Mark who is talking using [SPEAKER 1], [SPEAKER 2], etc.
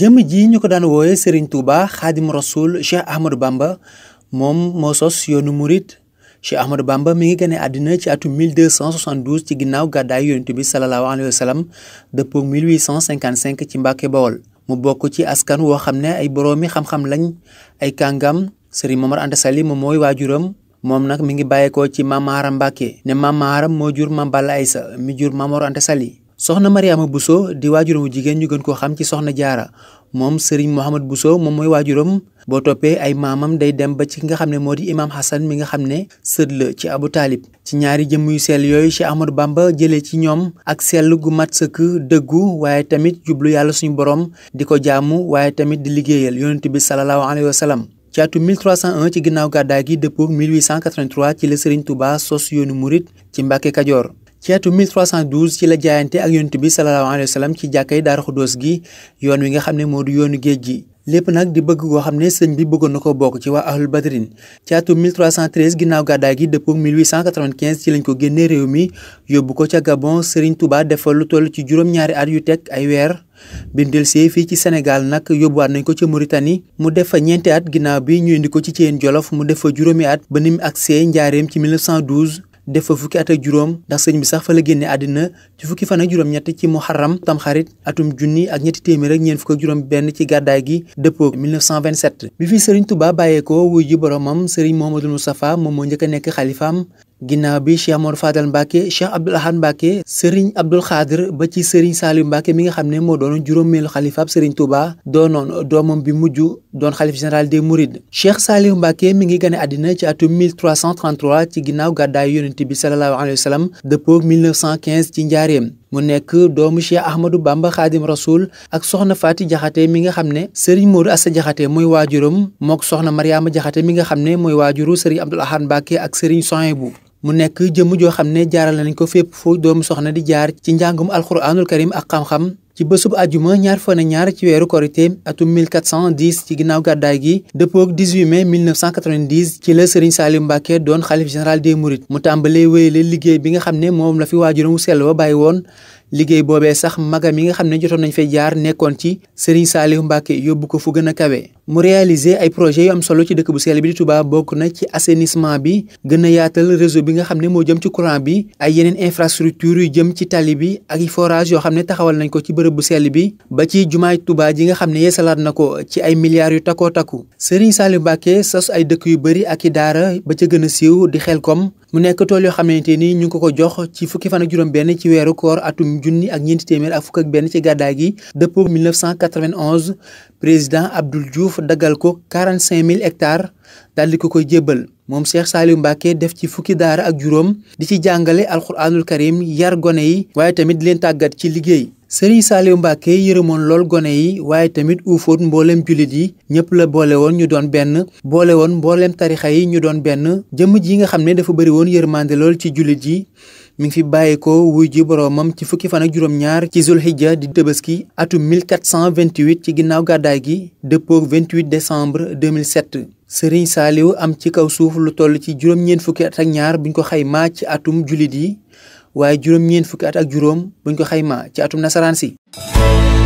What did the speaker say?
[SPEAKER 1] jëmm ji ñu ko daan wooye Serigne Touba xaadim rasul Cheikh Ahmadou Bamba moom moo sos yoonu murit Cheikh Ahmadou Bamba mi ngi gane àddina ci atum 1272 ci ginnaaw gàddaay yonent bi salallaahu alayhi wa sallam dëppoo 1855 ci Mbàkke Bawol mu bokk ci askan woo xam ne ay boroomi xam-xam lañ ay kàngam Serigne Momar Anta Sali moom mooy waajuram moom nag mi ngi bàyyeekoo ci Maam Maharam Mbàkke ne Maam moo jur mambala Balla Aysa mi jur Maam Mor Anta Sali soxna Mariama Bousso di waajuramu jigéen ñu gën koo xam ci soxna jaara moom Serigne Mouhamed Bousso moom mooy waajuram boo toppee ay maamam day dem ba ci nga xam ne moo di imaam Hassan mi nga xam ne sët la ci Abu Taalib ci ñaari jëmm yu sell yooyu Cheikh Ahmadou Bamba jëlee ci ñoom ak sell gu mat sëkk dëggu waaye tamit jublu yàlla suñu borom di ko jaamu waaye tamit di liggéeyal yonent bi salallaahu alayhi wa sallam ci atu 1301 ci ginnaaw gàddaay gi dëppoo 1883 ci la Serigne Touba sos yoonu murit ci Mbàkke Kajoor ci atu 1312 ci la jaayante ak yonent bi sallallahu alayhi wa sallam ci jàkkay Daaru Xuddoos gi yoon wi nga xam ne moo di yoonu géej gi lépp nag di bëgg goo xam ne sëñ bi bëggoon na ko bokk ci waa ahlul badrin ci atu 1313 ginnaaw gàddaay gi dëppoo 1895 ci lañ ko génnee réew mi yóbbu ko ca Gabon Serigne Touba defal lu toll ci juróom-ñaari at yu teg ay weer bindil see fii ci senegal nag yóbbuwaat nañ ko ca Mauritanie mu def fa ñeenti at ginnaaw bi ñu indi ko ci ci Thiène Jolof mu def fa juróomi at ba ni mu agsee njaareem ci 1912 def fa fukki at ak juróom ndax sëñ bi sax fa la génne àddina ci fukki fan ak juróom-ñett ci muharram tamxarit atum junni ak ñetti téeméer ak ñeent fukk ak juróom benn ci gàddaay gi dëppoo 1927 bi fi sëriñ Touba bàyyeekoo wuy ji boromam sëriñ Mouhamadoul Moustapha moom moo njëkk a nekk xalifaam ginnaaw bi Cheikh Mor Fadal Mbacke Cheikh Abdoul Ahad Mbacke Serigne Abdoul Khadr ba ci Serigne Saliou Mbacke mi nga xam ne moo doonoon juróomeelu xalifaab Serigne Touba doonoon doomam bi mujj doon xalif général des Mourides. Cheikh Saliou Mbacké mi ngi gane àddina ci atum 1333 ci ginnaaw gàddaayu yonent bi sallallahu alayhi wa sallam dëppoog 1915 ci njaareem mu nekk doomu Cheikh Ahmadou Bamba Xaadim Rasoul ak soxna Faati Jaxate mi nga xam ne Serigne Modou Assa Jaxate mooy waajuram mook soxna Mariama Jaxate mi nga xam ne mooy waajuru Serigne Abdoul Ahad Mbacké ak Serigne Souhaïbou mu nekk jëmm joo xam ne jaaral nañ ko fépp fu doomu soxna di jaar ci njàngum alxuraanul karim ak xam ci bésub àjjuma ñaar fan ñaar ci weeru korité atum 1410 ci ginnaaw gàddaay gi dëppoog 18 mai 1990 ci la Serigne Saliou Mbacké doon xalif général des Mourides mu tàmbalee wéyale liggéey bi nga xam ne moom la fi waajuram wu sell ba bàyyi woon liggéey boobee sax magam yi nga xam ne jotoon nañu fay jaar nekkoon ci Serigne Saliou Mbacke yóbbu ko fu gën a kawe mu réaliser ay projets yu am solo ci dëkk bu sell bi di tubaab bokk na ci assainissement bi gën a yaatal réseau bi nga xam ne moo jëm ci courant bi ay yeneen infrastructure yu jëm ci tali bi ak forage yoo xam ne taxawal nañ ko ci bërëb bu sell bi ba ci jumaay tubaa ji nga xam ne salaat na ko ci ay milliards yu takkoo takku Serigne Saliou Mbacke sos ay dëkk yu bëri ak i daara ba ca gën a siiw di Xelkom mu nekk tool yoo xamante ni ñu ngi ko ko jox ci fukki fan ak juróom benn ci weeru koor atum junni ak ñeenti téeméer ak fukk ak benn ci gàddaay gi dëppoo 1991 président Abdoul Diouf daggal ko mille hectares daldi ko koy jébbal moom Cheikh Saliou Mbacké def ci fukki daara ak juróom di ci jàngale alxuraanul karim yar gone yi waaye tamit leen tàggat ci liggéey Serigne Saliou Mbacké yërëmoon lool gone yi waaye tamit uufoot mbooleem jullit yi ñëpp la boole woon ñu doon benn boole woon mbooleem tarixa yi ñu doon benn jëmm ji nga xam ne dafa bëri woon yërmande lool ci jullit yi mu ngi fi bàyyeekoo wuy ji boroomam ci fukki fan ak juróom-ñaar ci zulhijja di tëbaski atum 1428 ci ginnaaw gàddaay gi dëppoo 28 décembre 2007 serigne saaliw am ci kaw suuf lu toll ci juróom-ñeent fukki at ak ñaar buñ ko xaymaa ci atum jullit yi waaye juróom-ñeent fukki at ak juróom buñ ko xaymaa ci atum nasaraan si